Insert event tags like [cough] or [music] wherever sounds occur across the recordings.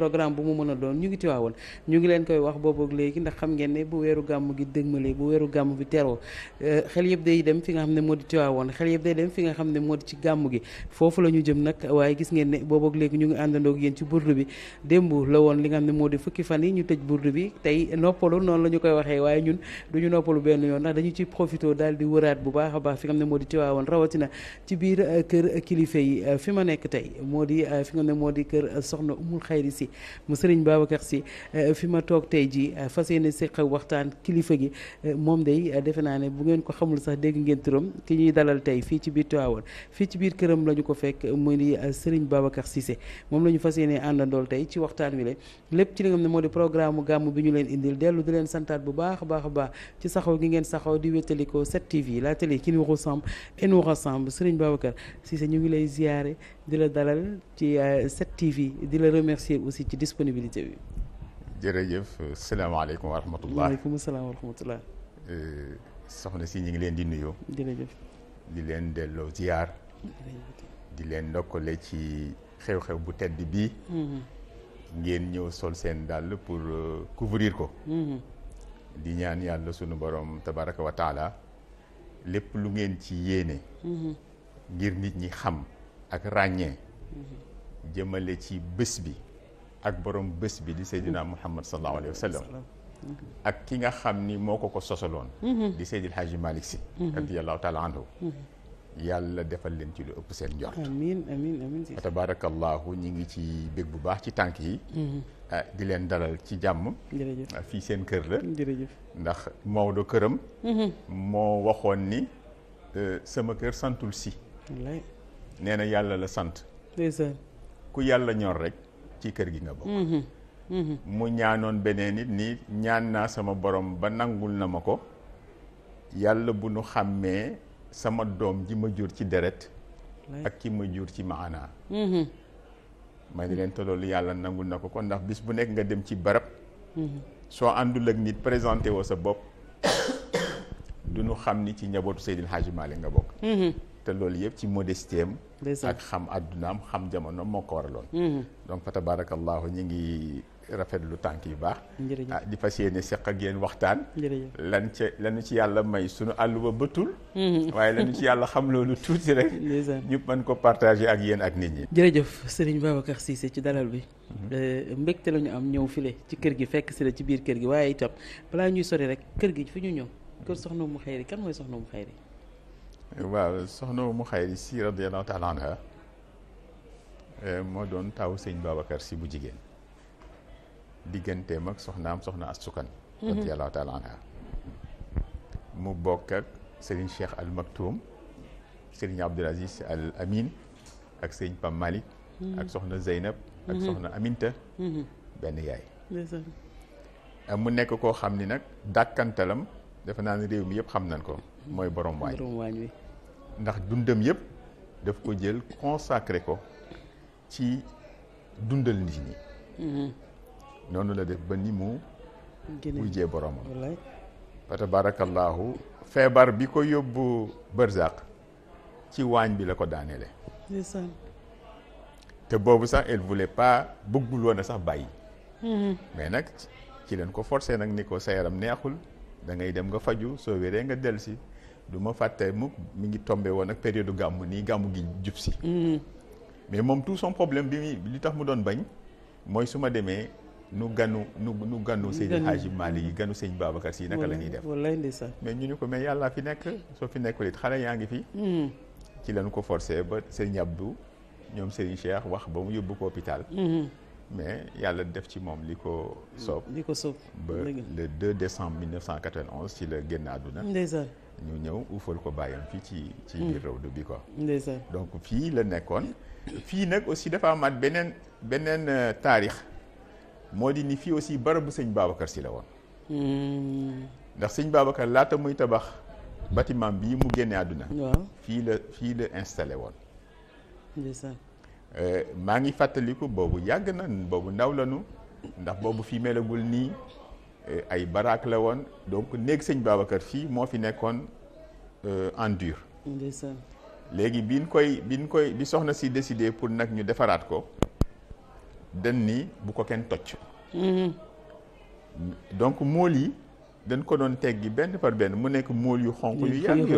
programme bu mu mën a doon ñu ngi Tiwaawoon ñu ngi leen koy wax booboog léegi ndax xam ngeen bu weeru gàmm gi dëgmalee bu weeru gàmm bi teroo euh, xel yëpp day dem fi nga xam ne moo di Tiwaawoon xel yëpp day dem fi nga xam ne moo di ci gàmm gi foofu la ñu jëm nag waaye gis ngeen ne booboog léegi ñu ngi àndandoog yéen ci burdu bi démb la woon li nga xam ne moo di fukki fan yi ñu tëj burdu bi tey noppalu noonu la ñu koy waxee waaye ñun duñu noppalu benn yoon ndax dañu ci profité daal di wëraat bu baax a baax fi nga xam ne moo di Tiwaawoon rawatina ci biir euh, kër kilifa yi euh, fi ma nekk tey moo di fi nga xam ne moo di kër soxna umul xayri si mu sëriñ Babacar si euh, fi ma toog tey jii euh, fas yéene séq waxtaan kilifa gi euh, moom dey defe naa ne bu ngeen ko xamul sax dégg ngeen turam ki ñuy dalal tey fii ci biir Tivaouane fii ci biir këram la ko fekk mu di sëriñ Babacar se moom la ñu fas yéene àndandool tey ci waxtaan wi la lépp ci li nga ne moo di programme gàmm bi ñu leen indil dellu di leen santaat bu baax a baax baax ci saxaw gi ngeen saxaw di wéttalikoo 7TV la télé qui nous ressemble et nous rassemble sëriñ Babacar Cissé ñu ngi lay ziyaare di la dalal ci 7TV di la remercier aussi ci disponibilité bi. jërëjëf salaamaaleykum wa rahmatullah. waaleykum salaam euh, soxna si ñu ngi leen di nuyoo. di leen delloo ziar. di leen ndokkale ci xew-xew bu tedd bi mm-hmm. ngeen ñëw sol seen dàll pour euh, couvrir ko. Mm-hmm. di ñaan yàlla sunu boroom tabaraka wa lépp lu ngeen ci yéene. Mm-hmm. ngir nit ñi xam ak ràññee. jëmale ci bés bi. ak borom bés bi di Seydina Muhammad sallallahu alayhi wa sallam ak ki nga xam ni moo ko ko sosaloon mhm. di Seydil Hadji Malick Sy mhm. radiyallahu taala anhu mhm. yàlla defal leen ci lu ëpp seen njort amiin amiin amiin tabarakallahu ñi ngi ci bég bu baax ci tànk yi ah, di leen dalal ci jàmm ah, fii seen kër la jërëjëf ndax Maodo këram moo waxoon ni euh, sama kër santul si nee na yàlla la sant ku yàlla ñor rek ci kër gi nga bokk mhm, mhm, mhm. mu ñaanoon beneen nit ni ñaan naa sama borom ba nangul na ma ko yàlla bu nu xàmmee sama doom ji ma jur ci deret ak ki ma jur ci mahanaa ma ni leen toloolu yàlla nangul na ko kon ndax bis bu nekk nga dem ci barab soo àndul ak nit présenté woo sa bopp [coughs] du nu xam ni ci njabootu Seydil Hadji Malick nga bokk te loolu yëpp ci modestie am ak xam àddunaam xam jamono moo ko waraloon mm-hmm. donc fa tabarakallahu ñu ngi lu tànk yu baax ah di fas yéene seq ak yéen waxtaan lan ca lanu ci yàlla may sunu àlluwa bëttul mm-hmm. waaye lanu ci yàlla xam loolu tuuti rek ñu man ko partager ak yéen ak nit ñi jërëjëf Serigne Babacar Cissé ci dalal bi mm-hmm. euh, mbégte la ñu am ñëw file ci kër gi fekk si la ci biir kër gi waaye itam balaa ñuy sori rek kër gi fi ñu ñëw kër soxna mu xëyri kan mooy soxna mu xëyri waaw soxna mu xayri si radiyallahu taala anha eh, moo doon taw sëñ Babacar si bu jigéen digganteem ak soxnaam soxna Asukan mhm. radiyallahu taala anha mu bokk ak sëriñ Cheikh Al Maktoum sëriñ Abdul Aziz Al Amin ak sëriñ Pam Malik mhm. ak soxna Zeynab ak mhm. soxna Aminta benn yaay eh, mu nekk koo xam ni nag dàkkantalam dafa naa ne réew mi yëpp xam nañ ko mooy borom waañ ndax dundam yëpp daf ko jël consacré ko ci dundal nit ñi mm-hmm. noonu la def ba ni mu mujjee boromam fa tabarakallahu feebar bi ko yóbbu bërzaq ci waañ bi la ko daaneele te boobu sax elle voulait pas bëggul woon a sax bàyyi mm-hmm. mais nag ci leen ko forcé nag ni ko sa yaram neexul da ngay dem nga faju soo wéree nga si du ma fàtte mukk mu ngi tombe woon ak période gàmmu nii gàmmu gi jub si. Mm. mais moom tout son problème bi li tax mu doon bañ mooy su ma demee nu ganu nu nu ganu sëñ Hajji Maalik yi ganu sëñ Babacar Si naka la ñuy def mais ñu ñu ko mais yàlla fi nekk soo fi nekkul it xale yaa ngi fi mm. ci lañu ko forcé ba sëñ Abdou ñoom sëñ Cheikh wax ba mu yóbbu ko hôpital mm-hmm. mais yàlla def ci moom li ko soob li ko soob ba le 2 décembre 1991 ci la génn àdduna ndeysaan ñu ñëw uufal ko bàyyam fii ci ci hmm. biir rawdu bi quoi donc fii la nekkoon fii nag aussi dafa amaat beneen beneen euh, taarix moo di ni fii aussi barabu sëñ Babacar si la woon hmm. ndax sëñ Babacar laata muy tabax bâtiment bii mu génne àdduna waaw fii la fii la installé woon euh, maa ngi fàttaliku boobu yàgg na boobu ndaw lanu ndax boobu fii melagul nii Euh, ay baraak la woon donc néeg sañ Babacar fii moo fi nekkoon euh, en dur léegi biñ koy biñ koy bi soxna si décidé pour nag ñu defaraat ko dañ ni bu ko kenn tocc mhm. donc mool yi dañ ko doon teggi benn par benn mu nekk mool yu xonq yu yàgg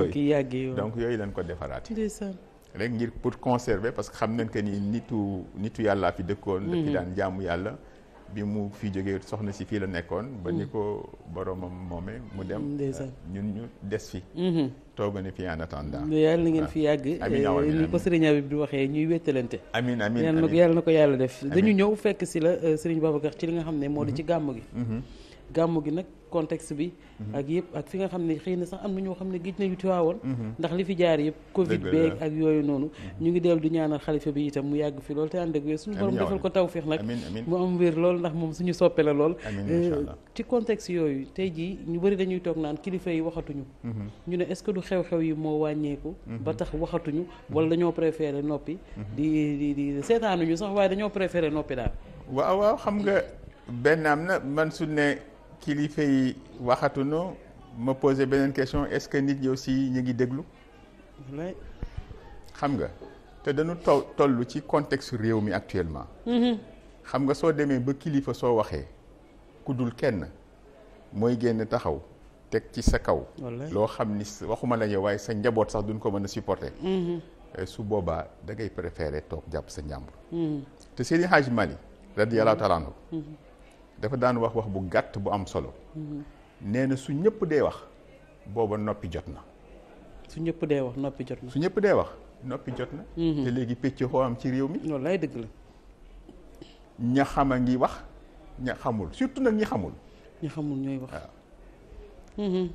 yooyu donc yooyu lañ ko defaraat rek ngir pour conserver parce que xam nañ que ni nitu nitu yàllaa fi dëkkoon dafi mhm. daan jaamu yàlla bi mu fi jógee soxna si fii la nekkoon. ba ni mm. ko boromam moome mu dem. Ah, ñun ñu des fi. Mm-hmm. toogani fi en attendant. yàlla na ngeen ah. fi yàgg. Eh, ni ko sëriñ Habib di waxee ñuy wéttalante. amiin amiin yàlla na ko yàlla def. dañu ñëw fekk si la eh, sëriñ Babacar ci li nga xam ne moo di mm-hmm. ci gàmm gi. Mm-hmm. gàmmu gi nag contexte bi mhm. ak yëpp ak fi nga xam ne xëy na sax am na ñoo xam ne gis nañu Tiwaawoon mhm. ndax li fi jaar yëpp covid beeg ak yooyu noonu mhm. ñu ngi dellu di ñaanal xalifa bi itam mu yàgg fi lool te ànd ak wér suñu borom defal am lool ndax moom suñu soppe la lool euh, ci contexte yooyu tey jii ñu bëri dañuy toog naan kilifa yi waxatuñu ñu ne ce que du xew-xew yi moo wàññeeku ba tax waxatuñu wala dañoo préféré noppi di di di seetaanuñu sax waaye dañoo préféré noppi daal waaw waaw xam nga benn am na su ne kilifa yi waxatunu ma posé beneen question est-ce que nit ñi aussi ñu ngi déglu. xam nga te dañu to toll ci contexte réew mi actuellement. Mm-hmm. xam nga soo demee ba kilifa soo waxee ku dul kenn mooy génn taxaw teg ci sa kaw. loo xam ni waxuma la yow waaye sa njaboot sax duñ ko mën a supporter. Mm-hmm. Eh, su boobaa da ngay toog jàpp sa njàmbur. Mm-hmm. te Seydi Hadj Mali radiyallahu taala anhu dafa daan wax wax bu gàtt bu am solo. nee na su ñëpp dee wax booba noppi jot na. su ñëpp dee wax noppi jot na. ñëpp dee wax noppi jot na. Mhm. te léegi pecc xoo am ci réew mi. loolu lay dëgg la. ña a ngi wax ña xamul surtout nag ñi xamul. ñu xamul ñooy wax. Mhm. waaw.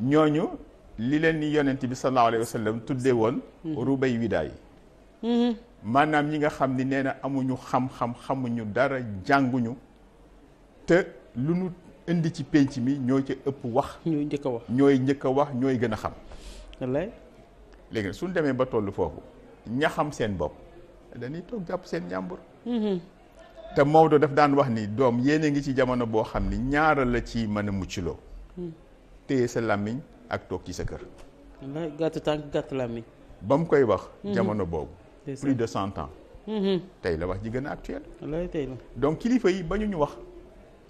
ñooñu li leen ni yonent bi sallallahu alayhi wa sallam tuddee woon. Mhm. rubay widaay. maanaam ñi nga xam ni nee na amuñu xam-xam xamuñu dara jànguñu. te lu nu indi ci penc mi ñoo ci ëpp wax. ñooy njëkk a wax ñooy njëkk a wax ñooy gën a xam. wallaay. léegi nag suñu demee ba tollu foofu ña xam seen bopp dañuy toog jàpp seen ñàmbur. Mm-hmm. te Maodo daf daan wax ni doom yéen a ngi ci jamono boo xam ni ñaara la ci mën a muccloo. Mm. téye sa làmmiñ ak toog ci sa kër. wallaay gàtt tànk gàtt làmmiñ. ba mu koy wax. Mm-hmm. jamono boobu. plus de cent ans. Mm-hmm. tey la wax ji gën a donc kilifa yi bañu ñu wax.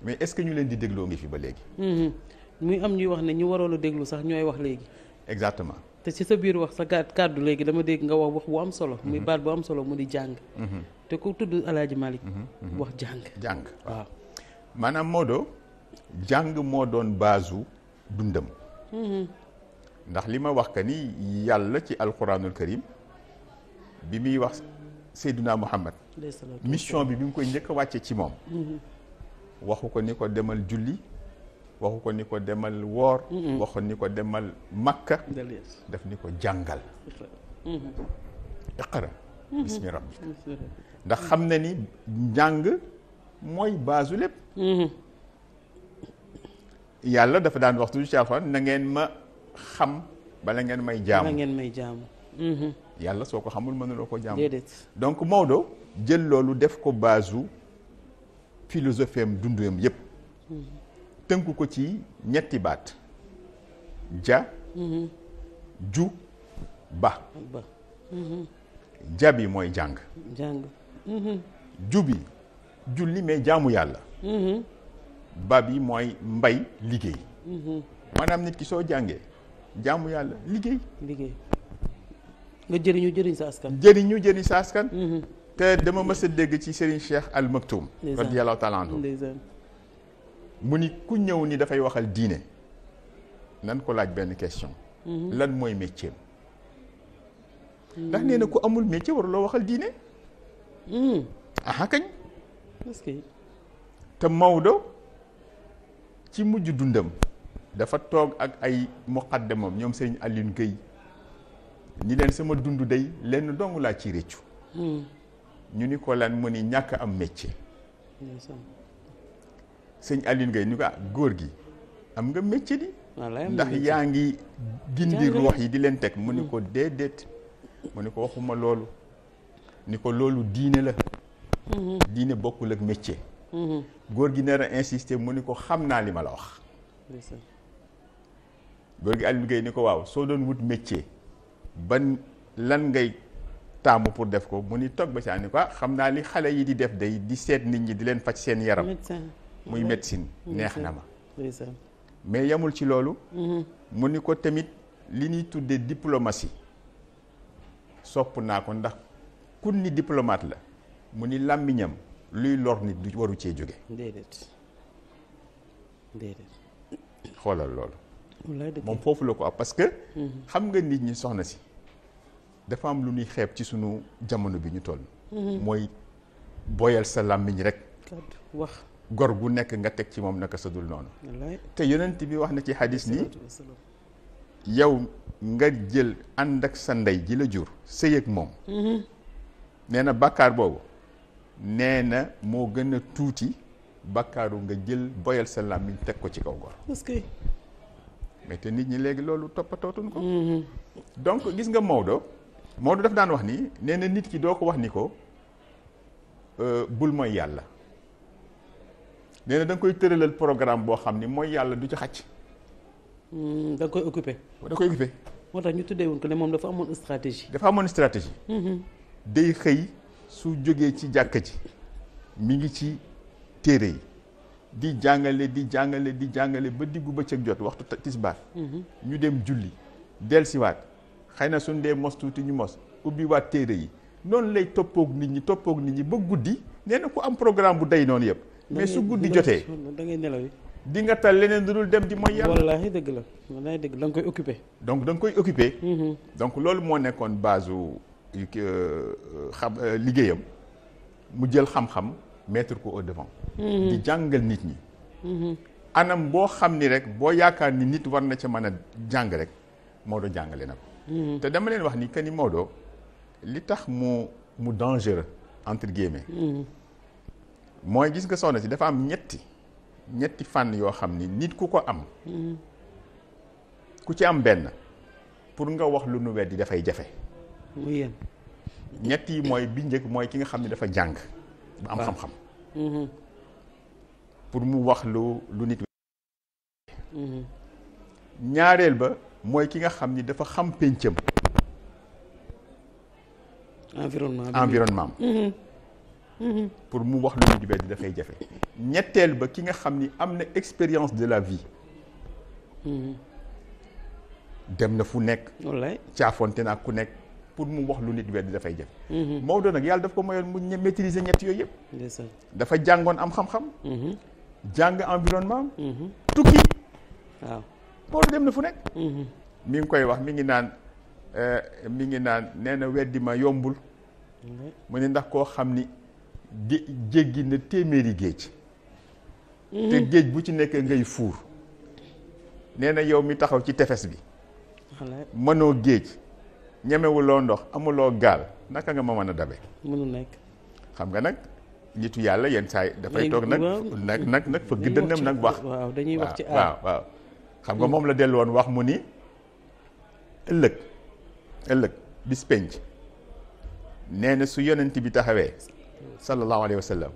mais est-ce que ñu leen di dégloo ngi fi ba léegi. Mhm. muy am ñuy wax ne ñu waroon a déglu sax ñooy wax léegi. exactement. te ci sa biir wax sa kàddu léegi dama dégg nga wax wax bu am solo. muy mhm. baat bu am solo mu di jàng. Mhm. te ku tudd El malik Malick wax jàng. jàng waaw maanaam Maodo jàng moo doon baasu dundam. ndax li ma wax que ni yàlla ci alquranul karim bi muy wax Seyduna Muhammad mission bi bi mu koy njëkk a wàcce ci moom. waxu ko ni ko demal julli waxu ko ni ko demal woor waxu ni ko demal makka daf ni ko jàngal iqra mm-hmm. bismi rabbika mm-hmm. ndax xam na ni njàng mooy baasu lépp mm-hmm. yàlla dafa daan waxtu ci alxuraan na ngeen ma xam bala ngeen may jaamu bala ngeen may jaamu yàlla soo ko xamul mënuloo ko jaamu donc Maodo jël loolu def ko baasu philosophie am dundam yëpp ko ci ñetti baat ja ju ba ja bi mooy jàng jàng ju bi julli mais jaamu yàlla ba bi mooy mbay liggéey maanaam nit ki soo jàngee jaamu yàlla liggéey nga jëriñu jëriñ sa askan jëriñu jëriñ sa askan te dama mës a dégg ci Serigne Cheikh Al Maktoum radiyallahu mu ni ku ñëw ni dafay waxal diine nan ko laaj benn question mhm. lan mooy métier mm. ndax nee na ku amul métier waruloo waxal diine mhm. aha kañ te Maodo ci mujj dundam dafa toog ak ay muqaddamam ñoom Serigne Alioune Gueye ñi leen sama dund day lenn dong laa ci réccu mm. ñu ni ko lan mu ni ñàkk am métier sëñ Aline Gueye ñu ko ah góor gi am nga métier di ndax yaa ngi gindi ruux yi di leen teg mu ni ko hmm. déedéet mu ni ko waxuma loolu ni ko loolu diine la hmm. diine bokkul ak métier hmm. góor gi nar a insister mu ni ko xam naa li ma la wax góor gi Aline Gueye ni ko waaw soo doon wut métier ba lan ngay taamu pour def ko mu ni toog ba si àndi quoi xam naa li xale yi di def day di seet nit ñi di leen faj seen yaram muy médecine neex na ma mais yamul ci loolu mm-hmm. mu ni ko tamit li ñuy tuddee diplomatie sopp naa ko ndax kun ni diplomate la mu ni làmmiñam luy lor nit du waru cee jóge déedéet xoolal loolu moom foofu la ko am parce que mm-hmm. xam nga nit ñi soxna si dafa am lu ñuy xeeb ci sunu jamono bi ñu toll. Mhm. mooy boyal sa làmmiñ rek. wax gor gu nekk nga teg ci moom naka sa dul noonu. te yonent bi wax na ci xadis ni yow nga jël ànd ak sa ndey ji la jur sëy ak moom. Mhm. nee na bàkkaar boobu nee na moo gën a tuuti bàkkaaru nga jël boyal sa làmmiñ teg ko ci kaw gor. mais te nit ñi léegi loolu toppatootuñ ko. Mhm. donc gis nga Maodo. Maodo daf daan wax ni nee na nit ki doo ko wax ni ko euh, bul mooy yàlla nee na da koy tëralal programme boo xam ni mooy yàlla du ci xàcc. Hmm, da nga koy da koy occupé. moo tax ñu tuddee ne moom dafa amoon stratégie. dafa amoon stratégie. day xëy su jógee ci jàkka ji mi ngi ci téere yi di jàngale di jàngale di jàngale ba diggu bëccëg jot waxtu tisbaar. ñu dem julli dellusiwaat. xay na suñ dee mos tuuti ñu mos ubbi waat téere yi noonu lay toppook nit ñi toppook nit ñi ba guddi nee na ku am programme bu day noonu yëpp mais su guddi jotee da ngay nelaw di nga tal leneen lu dul dem di mooy yàlla wallaahi dëgg la wallaahi dëgg da nga koy occupé donc da nga koy occupé mm-hmm. donc loolu moo nekkoon base euh, xam euh, liggéeyam mu jël xam-xam mettre ko au devant mm-hmm. di jàngal nit ñi mm-hmm. anam boo xam ni rek boo yaakaar ni nit war na ca mën a jàng rek moo doon jàngale na ko Mm-hmm. te dama leen wax ni que ni Maodo li tax mu mu dangereux entre guillemets. Mm-hmm. mooy gis nga soxna si dafa am ñetti ñetti fànn yoo xam ni nit ku ko am. Mm-hmm. ku ci am benn pour nga wax lu nu weddi dafay jafe. muy ñett yi mooy bi njëkk mooy ki nga xam ne dafa jàng. ba am xam-xam. pour mu wax lu lu nit. ñaareel ba mooy ki nga xam ni dafa xam péncam environnement environnement mm-hmm. Mm-hmm. pour mu wax lu ñu di dafay jafe ñetteel ba ki nga xam ni am na expérience de la vie mm-hmm. dem na fu nekk caafoonte naa ku nekk pour mu wax lu nit wedd dafay jafe Maodo nag yàlla daf ko mayoon mu maîtriser ñett yooyu yëpp dafa jàngoon am xam-xam jàng environnement tukki Maodo dem na fu nekk. Mhm. mi ngi koy wax mi ngi naan eh, mi ngi naan nee na weddi ma yombul. Mhm. mu ne ndax koo xam ni jé jéggi na téeméeri géej. Mhm. te géej bu ci nekk ngay fuur. nee na yow mi taxaw ci tefes bi. mënoo géej. ñemewuloo ndox amuloo gaal naka nga ma mën a dabe. mënu xam nga nag nitu yàlla yenn saa yi dafay toog nag nag nag nag fa gëddënam nag wax waaw waaw. xam nga moom la dellu woon wax mu ni ëllëg ëllëg bis penc nee na su yonent bi taxawee sallallahu alayhi wa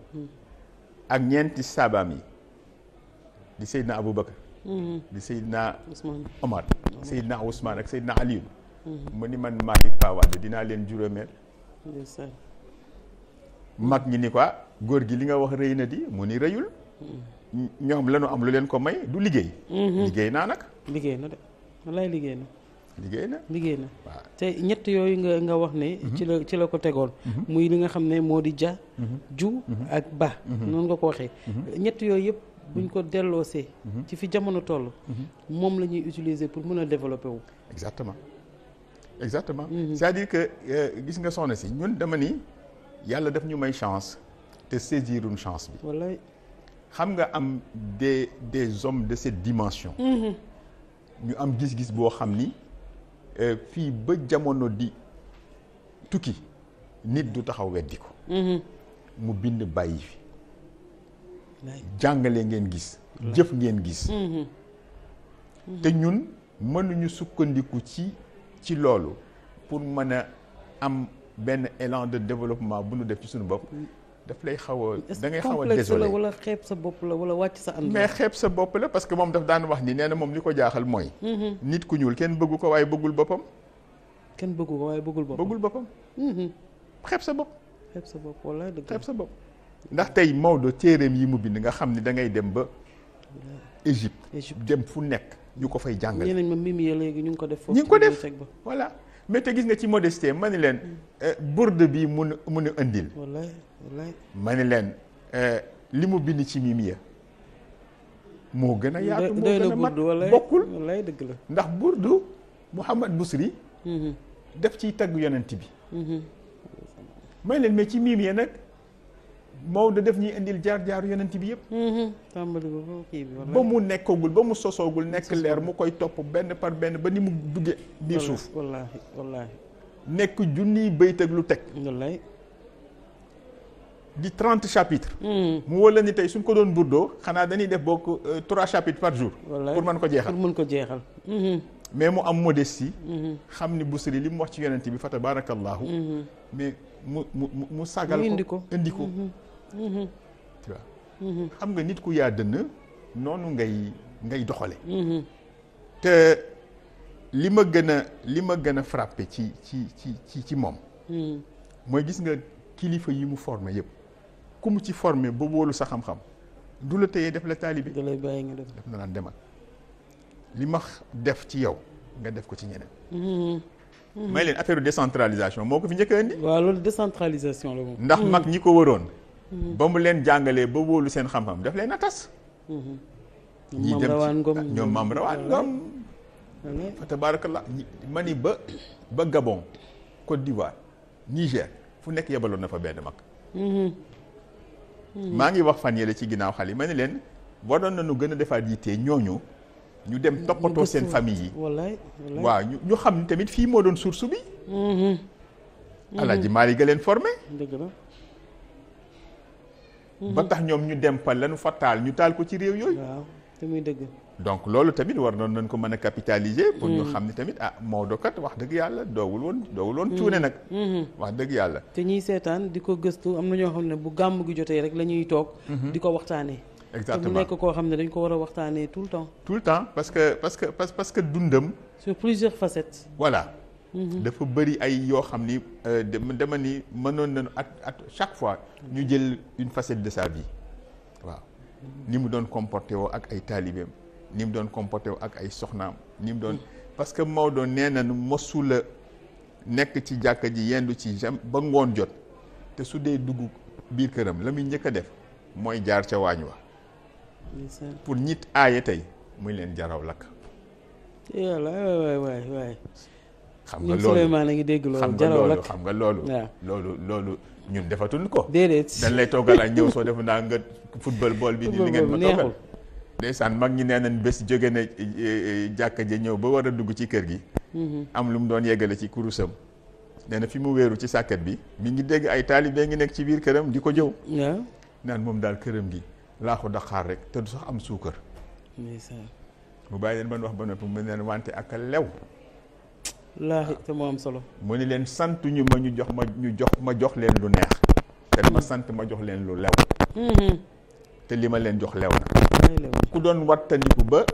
ak ñeenti saabaam yi di na Seydina Aboubacar di Seydina Omar Seydina Ousmane ak Seydina Aliou mm-hmm. mu ni man Malick Fawad dinaa leen juróomeel mag ñi ni quoi ah, góor gi li nga wax rëy na di mu ni rëyul mm-hmm. ñoom lañu am lu leen ko may du liggéey. Mhm. liggéey naa nag. liggéey na de wallaay liggéey na. liggéey na te ñett yooyu nga nga wax ne. Mhm. ci la ci la ko tegoon. Mhm. muy li nga xam ne moo di ja. ju ak ba. noonu nga ko waxee. yooyu yëpp buñ ko delloosee. ci fi jamono toll. moom la ñuy utiliser pour mën a développer wu. exactement exactement. cest dire que euh, gis nga soxna si ñun dama ni yàlla daf ñu may chance te saisir chance bi. wallaay. xam nga am des des hommes de cette dimension. Mm-hmm. ñu am gis-gis boo xam ni euh, fii ba jamono di tukki nit du taxaw weddi ko. Mm-hmm. mu bind bàyyi fi. jàngale ngeen gis. Mm-hmm. jëf ngeen gis. te ñun mënuñu sukkandiku ci ci loolu pour mën a am benn élan de développement bu nu def ci sunu bopp. daf lay xaw a da ngay xaw a désolé wala xeeb sa bopp la wala wàcc sa am mais xeeb sa bopp la parce que moom daf daan wax ni nee moom li ko jaaxal mooy mm-hmm. nit ku ñuul kenn bëggu ko waaye bëggul boppam kenn bëggu ko waaye bëggul boppam bëggul boppam mm-hmm. sa bopp xeeb sa bopp wala dëgg xeeb sa bopp ndax tey Maodo téereem yi mu bind nga xam ni da ngay dem ba Égypte dem fu nekk ñu ko fay jàngale ñeneen ma mimi léegi ñu ngi ko def foofu ñu ngi ko def voilà mais te gis nga ci modestie ma ne leen euh, bourde bi mun mun a indil wallaay wallaay ma ni leen euh, li mu bind ci mimiya moo gën a yaatu moo gën a mat bokkul wallaay dëgg la ndax burdu Mouhamad Bousri mhm. def ciy tagg yonent bi mhm. ma ni leen mais ci mimiya nag Maodo def ñuy indil jaar-jaaru yonent bi yëpp. Mhm. bi ba mu nekkoogul ba mu sosoogul nekk leer mu koy topp benn par benn ba ni mu duggee. biir suuf wallaahi wallaahi. nekk junniy bayt ak lu teg. wallaahi. di trente chapitres. Mhm. mu wóor la ni tey suñ ko doon burdo xanaa dañuy def bokk euh, trois chapitres par jour. pour mën ko jeexal mën ko jeexal. Mhm. mais mu am modestie. xam ni Busiri li mu wax ci yonent bi fa tabaarakallaahu mais mu mu mu sagal ko indi ko. Mhm. Mhm. xam nga nit ku yaa dënn noonu ngay ngay doxale mhm. te li ma gën a li ma gën a frappé ci ci ci ci ci moom. mooy gis nga kilifa yi mu formé yëpp comme ci formé ba wóolu sa xam-xam du la tëyee def la taalibe. da def daf la naan demal li ma def ci yow nga def ko ci ñeneen. may leen affaire décentralisation moo ko fi njëkk a indi. waaw loolu décentralisation la moom. ndax mag ñi ko waroon. Mhm. ba mu leen jàngalee ba wóolu seen xam-xam daf leen a tas. Mhm. ñi dem ñoom maam rawaan ngom fa tabarakallah ma ni ba ba Gabon Côte d'Ivoire Niger fu nekk yebaloon na fa benn mag. Mhm. maa ngi wax fan yële ci ginnaaw xale yi ma ne leen waroon nañu gën a defaat yitte ñooñu. ñu dem toppatoo seen famille yi. wallaay waaw ñu ñu xam tamit fii moo doon source bi. Alaaji Maalik ga leen formé. ba tax ñoom ñu dem fa lañu fa taal ñu taal ko ci réew yooyu. waaw te muy dëgg. donc loolu tamit war noonu nañ ko mën a capitaliser. pour ñu mm. xam ne tamit ah Maodo kat wax dëgg yàlla doowul woon doowul woon cuune mm. nag. Mm-hmm. wax dëgg yàlla. te ñiy seetaan di ko gëstu am na ñoo xam ne bu gàmm gi jotee rek la toog. Mm-hmm. di ko waxtaanee. exactement te nekk koo xam ne dañ ko war a waxtaanee tout le temps. tout le temps parce que parce dundam. sur plusieurs facettes. voilà. Mm-hmm. dafa bëri ay yoo xam ni euh, dama ni mënoon nañu at at chaque fois ñu jël une facette de sa vie waaw ni mu doon comporté woo ak ay taalibeem ni mu doon comporté woo ak ay soxnaam ni mu doon mm-hmm. parce que Maodo nee na nu mosula nekk ci jàkka ji yendu ci jam ba ngoon jot te su dee dugg biir këram la muy njëkk a def mooy jaar ca waañ wa pour ñit aaye tey muy leen jaraw lakk yàlla waay waay waay xam nga loolu Souleymane a ngi dégg loolu jaraw lakk xam nga loolu loolu loolu ñun defatuñ ko déedéet dañ lay toggal ak ñëw soo def naa nga football bool bi ni li ngeen ma toggal ndeysaan mag ñi nee nañ bés jóge na eh, eh, jàkka ja ñëw ba war a dugg ci kër gi mm-hmm. am lu mu doon yeggale ci kurusam nee na fi mu wéeru ci sàkkat bi mi ngi dégg ay taalibe ngi nekk ci biir këram di ko jëw naan moom daal këram gi laaxu daqaar rek te du sax am suukar mu bàyyi leen man wax ba noppi mu neen wante ak lew laahi te solo. mu ni leen sant ñu ma ñu jox ma ñu jox ma jox leen lu neex. te dama mm-hmm. sant ma jox leen lu lew. Mm-hmm. te li ma leen jox lew na. ku doon wattandiku ba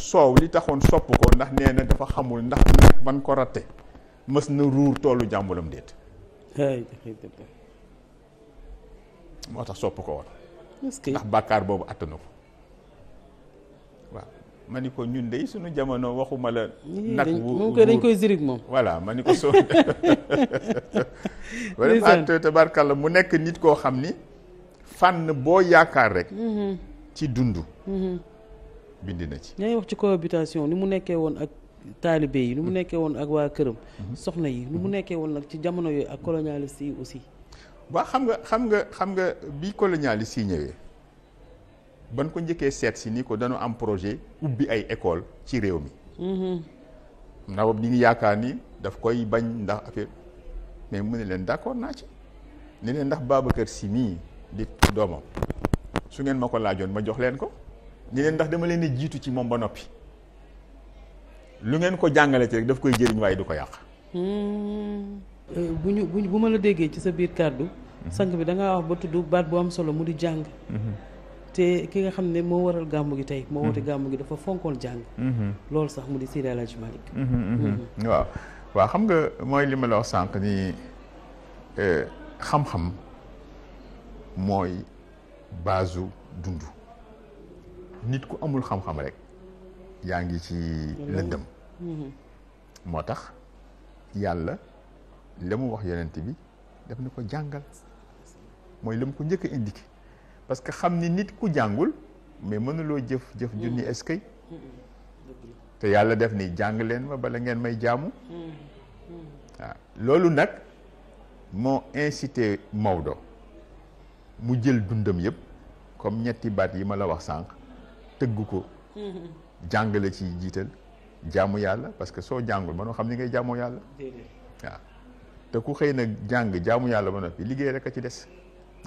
soow li taxoon sopp ko ndax nee na dafa xamul ndax man ko ratte mës na ruur toolu jàmbulam déet. moo tax sopp ko woon. ndax bàkkaar boobu àttanu ko. ma ni ko ñun de suñu jamono waxuma la. nag koy dañ moom. voilà ma ni ko soo. [laughs] Ah, mu nekk nit koo xam ni fànn boo yaakaar rek. Mm-hmm. ci dund. Mm-hmm. bindi na ci. ñooy wax ci cohabitation ni mu nekkee woon ak taalibe yi ni mu mm-hmm. nekkee woon ak waa këram. soxna yi ni mu nekkee woon nag ci jamono yooyu ak colonialiste yi aussi. waa xam nga xam nga xam nga bii colonialiste yi ñëwee. ban ko njëkkee seet si nii ko dañu am projet ubbi ay école ci réew mi mhm. na boobu ngi yaakaar ni daf koy bañ ndax affaire mais mu ne leen d'accord naa ci ne leen ndax Babacar si mii di doomam su ngeen ma ko laajoon ma jox leen ko ni leen ndax dama leen di jiitu ci moom ba noppi lu ngeen ko jàngale ci rek daf koy jëriñ waaye du ko yàq hmm. eh, bu ñu bu ma la déggee ci sa biir kàddu mhm. sang bi da ngaa wax ba tudd baat bu am solo mu di jàng mhm. te ki nga xam ne moo waral gàmmu gi tey moo woote mm-hmm. gàmmu gi dafa fonkoon jàng mm-hmm. loolu sax mu di Seydi El Hadji Malick mm-hmm, waaw waaw xam nga mooy li ma la wax sànq ni euh, xam-xam mooy baasu dund nit ku amul xam-xam rek yaa ngi ci lëndëm moo tax yàlla la mu wax yonent bi daf na ko jàngal mooy la ko njëkk a parce que xam ni nit ku jàngul mais mënuloo jëf jëf junni mm. eskay te yàlla def ni jàng leen ma bale ngeen may jaamu mm-hmm. Mm-hmm. waaw loolu nag moo incité Maodo mu jël dundam yëpp comme ñetti baat yi ma la wax sànq tëgg ko mm-hmm. jàngale ci jiital jaamu yàlla parce que soo jàngul mënoo xam ni ngay jaamoo yàlla waaw te ku xëy nag jàng jaamu yàlla ba noppi liggéey rek a ci des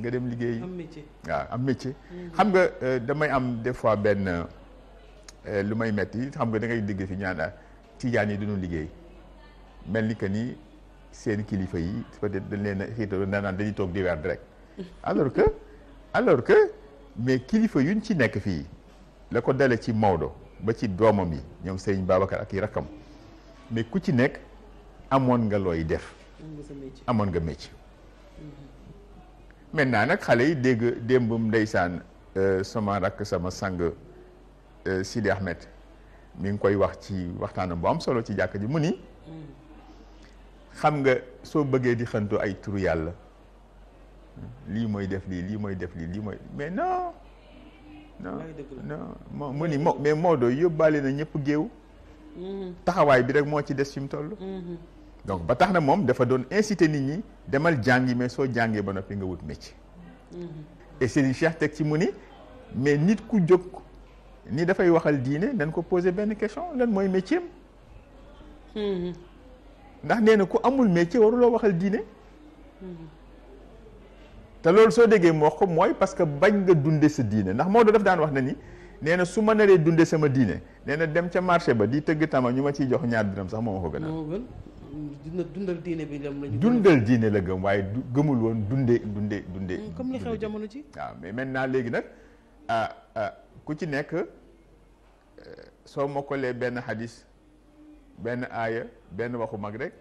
nga dem liggéey waaw am métier mm-hmm. xam nga euh, damay am def fois benn euh, lu may metti xam nga dangay digg fi ñaan tijaan yi duñu liggéey mel ni que nii seen kilifa yi peut-être dañ leen a xiital na naan dañuy toog di weer rek [laughs] alors que alors que mais kilifa yuñ ci nekk fii la ko dale ci Maodo ba ci doomam yi ñoom Serigne Babacar ak i rakkam mais ku ci nekk amoon nga looy def amoon nga métier maintenant nag xale yi dégg démbam ndeysaan euh, sama rakk sama sang euh, Sidi Ahmed mi ngi koy wax ci waxtaanam bu am solo ci jàkk ji mu ni xam nga soo bëggee di xëntoo ay turu yàlla lii mooy def lii lii mooy def lii lii mooy mais non non non moo mu ni moo mais yóbbaale na ñëpp géew mm-hmm. taxawaay bi rek moo ci des fi mu toll mm-hmm. donc ba tax na moom dafa doon inciter nit ñi demal jàngi mais soo jàngee ba noppi nga wut métier. Mhm. et Serigne Cheikh teg ci mu ni mais nit ku jóg ni dafay waxal diine dañ ko poser benn question lan mooy métier am mhm. ndax nee na ku amul métier waruloo waxal diine. Mhm. te loolu soo déggee moo ko mooy parce que bañ nga dunde sa diine ndax Maodo daf daan wax na ni neena na su ma naree dunde sama diine nee na dem ca marché ba di tëgg tama ñu ma ciy jox ñaar dërëm sax moo ma ko gën a dina dundal diine bi lam lañu dundal diine la gëm waaye gëmul woon dundee dundee dundee. Hmm, comme li xew jamono ji. waaw mais maintenant léegi nag ah, ah, ku ci nekk eh, soo mokkalee benn xadis benn aaya benn waxu mag rek.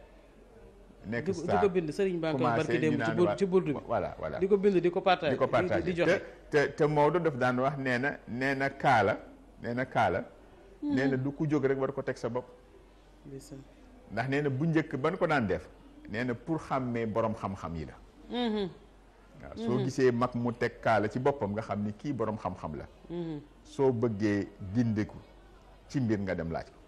nekk saa di bind Serigne Ba nga barki dem ci bur ci burdu bi voilà voilà di ko bind di ko partagé di joxe te te Maodo daf daan wax nee na nee na kaala nee kaala. Hmm. nee du ku jóg rek war ko teg sa bopp. ndax nee na bu njëkk ban ko daan def nee na pour xàmmee borom xam-xam yi la. Mm-hmm. waaw mm-hmm. soo gisee mag mu teg kaala ci boppam nga xam ni kii boroom xam-xam la. Mm-hmm. soo bëggee gindiku ci mbir nga dem laaj ko.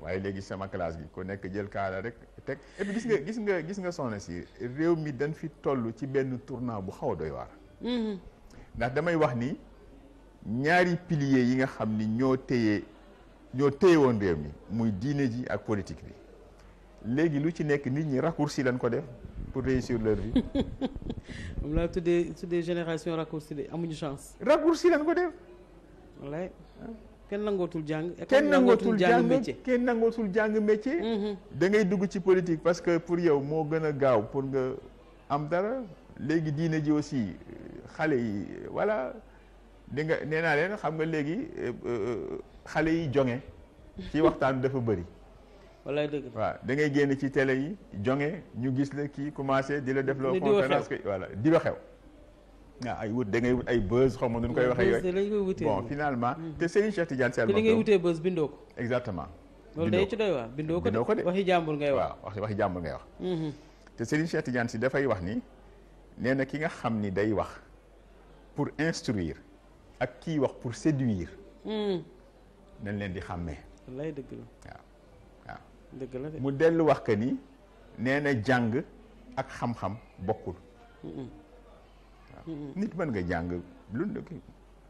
waaye léegi sama classe bi ku nekk jël kaala rek teg e puis gis nga gis nga gis nga soxna si réew mi dañ fi toll ci benn tournant bu xaw a doy waar. ndax damay wax ni ñaari piliers yi nga xam ni ñoo téye. ñoo téye woon réew mi muy diine ji ak politique bi léegi lu ci nekk nit ñi raccourci lañ ko def pour réussir leur bi [laughs] moom laa tuddee tuddee génération raccourci de amuñu chance. raccourci lañ ko def. wallaay kenn nangootul jàng. kenn nangootul jàng métier kenn nangootul jàng métier. Mhm. da ngay dugg ci politique parce que pour yow moo gën a gaaw pour nga am dara léegi diine ji aussi xale yi wala di nga nee naa leen xam nga léegi. Euh, euh, xale yi jonge ci waxtaan dafa bëri. wallaay dëgg waaw da ngay génn ci télé yi jonge ñu gis la kii commencé di la def loo conférence que voilà di xew waaw ay wut da wut ay buzz xaw ma nu koy waxee yooyu bon finalement mm. te Serigne Cheikh Tidiane Sy Al Maktoum li ngay wutee buzz bindoo ko exactement loolu day ci ko de waxi jàmbur ngay wax waaw waxi jàmbur ngay wax mm-hmm. te Serigne Cheikh Tidiane Sy dafay wax ni nee na ki nga xam ni day wax pour instruire ak kii wax pour séduire mm. dañ leen di xàmmee. wallaay mu dellu wax que ni nee na jàng ak xam-xam bokkul. waaw nit mën nga jàng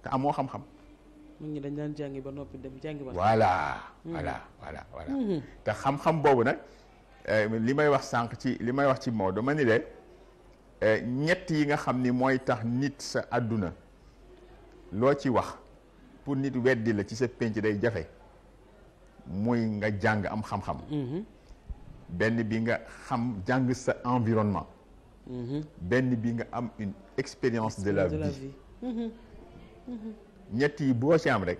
te amoo xam-xam. dañ daan jàngi ba noppi dem jàngi ba. voilà mm. voilà mm-hmm. boobu nag eh, li may wax sànq ci li may wax ci Maodo ma ni leen eh, ñett yi nga xam ni mooy tax nit sa àdduna loo ci wax. pour nit weddi la ci sa pénc day jafe muy nga jàng am xam-xam mhm. benn bi nga xam jàng sa environnement mhm. benn bi nga am une expérience de la vie mhm. ñetti yi boo ci am rek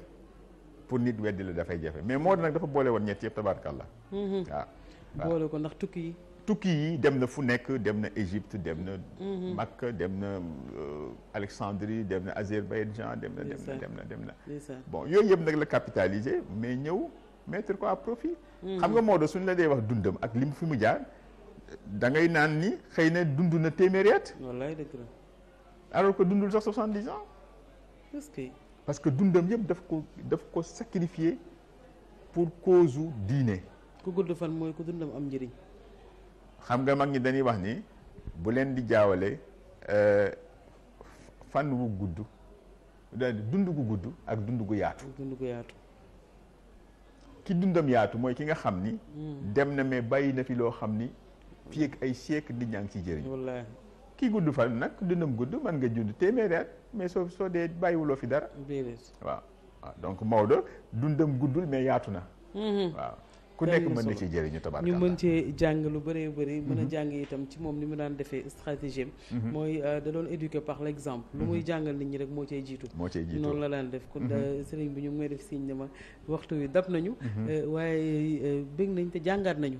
pour nit weddi la dafay jafe mais moo di nag dafa boole woon ñett yëpp tabaarkalla waaw boole ko ndax tukki yi tukki yi dem na fu nekk dem na Égypte dem na. Mhm. Makka dem na euh, Alexandrie dem na Azerbaïdjan dem na. dem na dem na dem na. bon yooyu yëpp nag la capitaliser mais ñëw mettre ko à mhm. xam nga Maodo suñu la dee wax dundam ak lim fi mu jaar da ngay naan ni xëy na dund na téeméeri at. wallaay dëgg la. alors que dundul sax soixante-dix ans. est-ce que. parce que dundam yëpp daf ko daf ko sacrifier pour cause u diine. ku gudd fan mooy ku dundam am njëriñ. xam nga mag ñi dañuy wax ni bu leen di jaawale euh, fànn wu gudd dund gu gudd ak dund gu yaatu dund ki dundam yaatu mooy ki nga xam ni hmm. dem na mais bàyyi na fi loo xam ni fii ak ay siècle nit ñaa ngi ciy jëriñ wallaahi ki gudd fan nag dundam gudd mën nga jund téeméeri at mais soo soo dee bàyyiwuloo fi dara waaw waaw ah, donc Maodo dundam guddul mais yaatu na hmm. waaw ku nekk mën na ci jëriñu lu bëree bëri mën a mhm. jàng itam ci moom ni mu daan defee stratégie am mhm. mooy euh, da doon éduquer par l'exemple lu muy mhm. jàngal nit ñi rek moo cay jiitu moo cay jiitu noonu la daan def kon sëriñ bi ñu ngi may def signe ne ma waxtu wi dab nañu euh, waaye euh, bëgg nañ te jàngaat nañu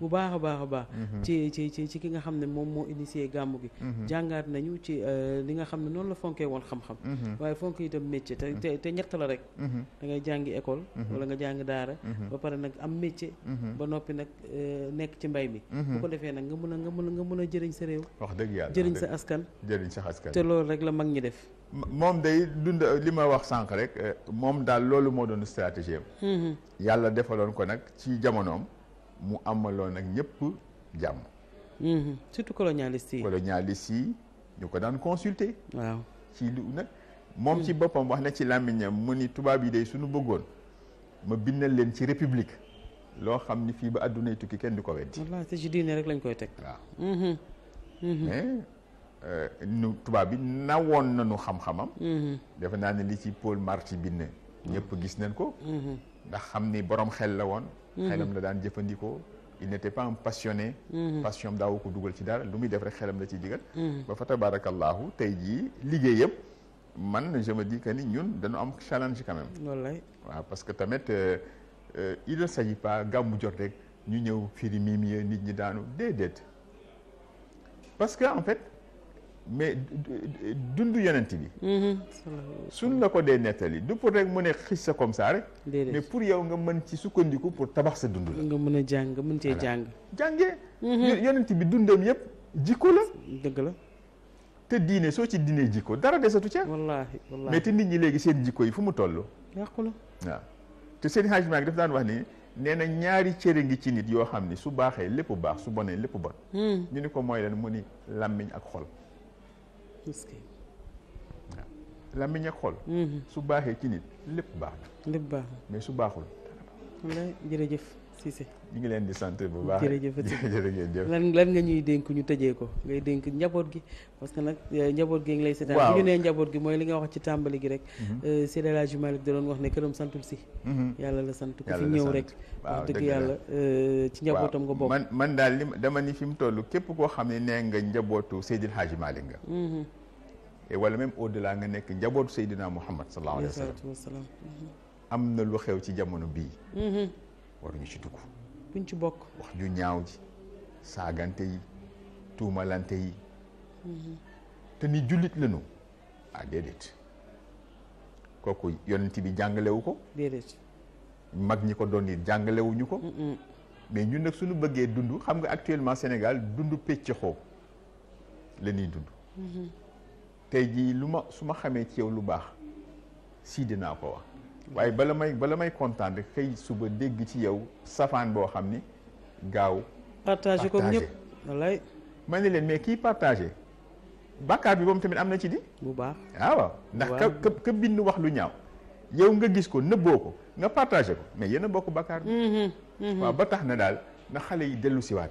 bu baax a baax a baax ci ci ci ci ki nga xam ne moom moo initié gàmmu gi jàngaat nañu ci li nga xam ne noonu la fonkee woon xam-xam waaye fonk itam métier te te ñett la rek da ngay jàngi école wala nga jàng métier. Mhm. ba noppi nag euh, nekk ci mbay mi. Mhm. bu ko defee nag nga mun a nga mën a nga mën a jëriñ sa réew. wax dëgg yàlla jëriñ sa askan. jëriñ sa askan te loolu rek la mag ñi def. moom day dund li ma wax sànq rek euh, moom daal loolu moo doon stratégie mhm. yàlla defaloon ko nag ci jamonoom mu amaloon nag ñëpp jàmm. surtout colonialiste yi. colonialiste yi ñu ko daan consulter. waaw ci lu moom ci boppam wax na ci làmmiñam mu ni tubaab yi day suñu bëggoon ma bindal leen ci république. loo xam ni fii ba àddunay tukki kenn di ko weddi. wallaahi te ci diine rek lañ koy teg. waaw. Mhm. Mhm. mais euh, nu tubaab bi nawoon nañu xam-xamam. Mhm. defe naa ne li ci Paul Marty bind. ñëpp gis nañ ko. ndax xam ni borom xel la woon. xelam la daan jëfandikoo. il n'était pas un passionné. passion daawu ko dugal ci dara lu muy def rek xelam la ci digal. ba fa tabarakallahu tey jii liggéey yëpp man je me dis ni ñun dañu am challenge quand même. wallaay waaw parce que tamit. Euh, Euh, il ne s'agit gàmmu jot rek ñu ñëw firi mimie nit ñi daanu déedéet parce que en fait mais dund yonent bi mm-hmm. suñ la ko dee nettali du pour rek mu ne xis sa comme ça rek mais pour yow nga mën ci sukkandiku pour tabax sa dund la nga mën a jàng nga mën cee jàng jàngee mm-hmm. yonent bi dundam yëpp jikko la dëgg la te diine soo ci diine jikko dara desatu ca wallaahi wallaahi mais te nit ñi léegi seen jikko yi fu mu toll yàqu la waaw te seen xaaj maag daf daan wax ni nee na ñaari cëre ngi ci nit yoo xam ni su baaxee lépp baax su bonee lépp bon. Hmm. ñu ni ko mooy leen mu ni làmmiñ ak xol. làmmiñ ak xol. Hmm. su baaxee ci nit lépp baax. lépp baax mais su baaxul. Cissé ñu leen di sant bu baax jërëjëf [laughs] jërëjëf lan lan nga ñuy dénk ñu tëjee ko ngay dénk njaboot gi parce que nag euh, njaboot gi ngi lay seetaan bu ñu nee njaboot gi mooy li nga wax ci tàmbali gi rek mhm. euh, Seydi El wax ne këram santul si mhm. yàlla la sant ku fi ñëw rek wax dëgg yàlla euh, ci njabootam nga bokk man man daal li dama ni fi mu toll képp koo xam ne nee nga njabootu Seydi El Hadji Malick nga mhm. et wala même au delà nga nekk njabootu Seydina Muhammad sallallahu alayhi wa sallam am na lu xew ci jamono bii waruñu ci dugg. buñ ci bokk. wax ju ñaaw ji saagante yi tuumalante yi. Mhm. te ni jullit lañu ah déedéet kooku yonent bi jàngalewu ko. déedéet. mag ñi ko doon it jàngalewuñu ko. mais ñun nag suñu bëggee dund xam nga actuellement Sénégal dund pécc xoo la dund. tey jii lu ma su ma xamee ci yow lu baax sii dinaa ko wax. waaye bala may bala may kontaan rek xëy suba dégg ci yow safaan boo xam ni gaaw. partagé ko ñëpp wallaay. ma ne leen mais kii partagé bàkkaar bi moom tamit am na ci di. bu baax ah waaw ndax ka ka bind wax lu ñaaw. yow nga gis ko nëbboo ko nga partagé ko mais yéen a bokk bàkkaar bi. Mm-hmm. Mm-hmm. waaw ba tax na daal na xale yi dellu siwaat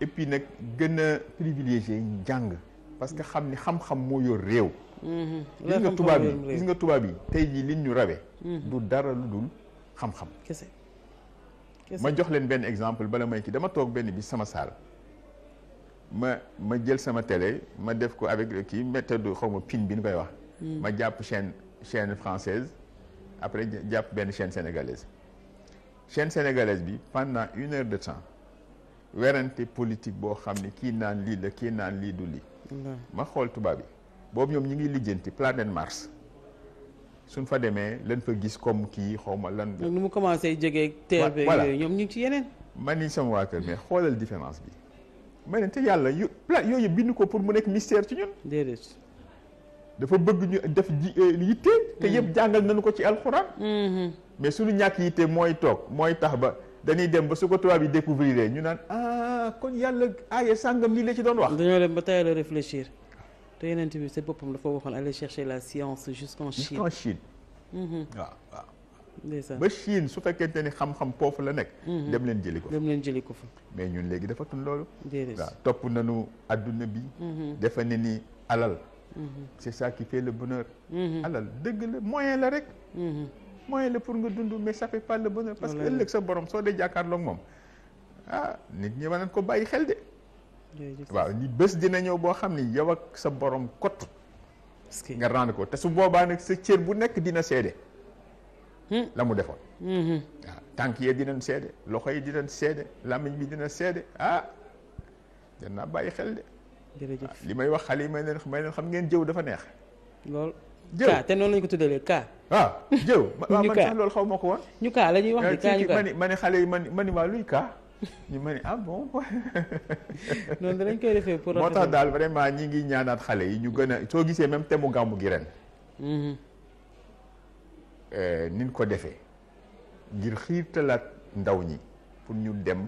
et puis nag gën a privilégié njàng. parce que xam ni xam-xam moo yor réew. Mmh. gis nga tubaab yi gis nga tubaab yi tey jii liñ ñu rawee mmh. du dara lu dul xam-xam ma jox leen benn exemple bala may kii dama toog benn bi sama saal ma ma jël sama tele ma def ko avec kii méthode xaw ma pin bi ñu koy wax mmh. ma jàpp chaîne chaîne française après jàpp benn chaîne sénégalaise chaîne sénégalaise bi pendant une heure de temps werante politique boo xam ne kii naan lii la kii naan lii du li ma xool tubaab yi boobu ñoom ñi ngi lijjanti planète Mars suñ fa demee lan fa gis comme kii xaw ma lan. nu mu commencé jege. terre yooyu ñoom ñu ngi ci yeneen. ma ni sama waa kër mais xoolal différence bi. mais ne te yàlla yu pla yooyu bind ko pour mu nekk mystère ci ñun. déedéet. dafa bëgg ñu def ji euh, yitte. te yëpp mm-hmm. jàngal nañu ko ci alxuraan. Mm-hmm. mais suñu ñàkk yitte mooy toog mooy tax ba dañuy dem ba su ko tubaab yi découvrir ñu naan ah kon yàlla aaya sàngam lii la ci doon wax. dañoo dem ba tayal réfléchir. te yeneen bi sa boppam dafa waxoon aller chercher la science jusqu'en Chine jusqu'en Chine. waaw mm-hmm. ah, ah, waaw. Ah. ndeysaan ba Chine su fekkente ni xam-xam foofu la nekk. Mm-hmm. dem leen jëli ko fa ko fa. mais ñun léegi dafa tun loolu. déedéet waaw topp nañu adduna bi. Mm-hmm. defe ne ni alal. c'est ça qui fait le bonheur. alal dëgg la moyen la rek. moyen la pour nga dundu mais ça fait pas le bonheur. parce que ëllëg sa borom soo dee jàkkaarloog moom ah nit ñi ma nañ ko bàyyi xel de. waaw li bés dina ñëw boo xam ne yow sa borom kott nga rendre ko te su boobaa nag sa cër bu nekk dina seede hmm. la mu defoon hmm. waaw tànk yee dina seede loxo yi dinañ seede làmmiñ bi dina seede ah danaa bàyyi xel de jërëjëf li may wax xale yi may leen may xam ngeen jëw dafa neex lool jëw te noonu lañu ko tuddalee kaa ah, waaw jëw waaw [laughs] man sax loolu xaw ma ko woon ñu kaa la wax di kaa eh, ñu kaa ma ni xale yi ma ni waa luy kaa ñu ma ne ah bon [laughs] noonu dinañ koy defee pour moo tax daal vraiment ñi ngi ñaanaat xale yi ñu gën a soo gisee même te mu gàmmu gi ren mm-hmm. euh, nin ko defee ngir xiirtalaat ndaw ñi pour ñu dem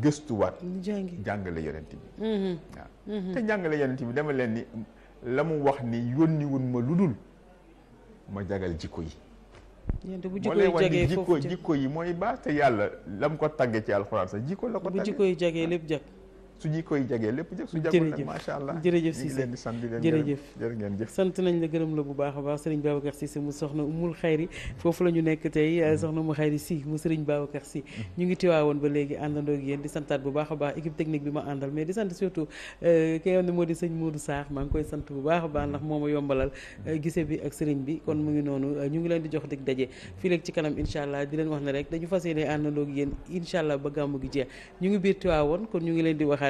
gëstuwaat jàngale yonent bi mm-hmm. waaw mm-hmm. te jàngale yonent bi dama leen ni la mu wax ni yónni wun ma lu dul ma jagal jikko yi moo lay wan ni jikko jikko yi mooy baax te yàlla lam ko tàggee ci alxuraan sax jikko la ko tàggee bu jikko yi jagee lépp jag su jagul nag macha allah jërëjëf jëf sant nañ la gërëm la bu baax a baax sëriñ Babacar Cissé mu soxna umul xayri foofu la ñu nekk tey mm-hmm. soxna mu xayri si mu sëriñ Babacar si mm-hmm. ñu ngi tiwaawoon ba léegi àndandoo yen di santaat bu baax a baax équipe technique bi ma àndal mais di sant surtout euh, ki nga ne moo di sëñ Modou Sarr maa ngi koy sant bu baax a baax ndax moo ma yombalal mm-hmm. euh, gise bi ak sëriñ bi kon mu ngi noonu euh, ñu ngi leen di jox dig daje fii léegi ci kanam incha allah di leen wax ne rek dañu fas yéene àndandoo ak yéen incha allah leen di waxaat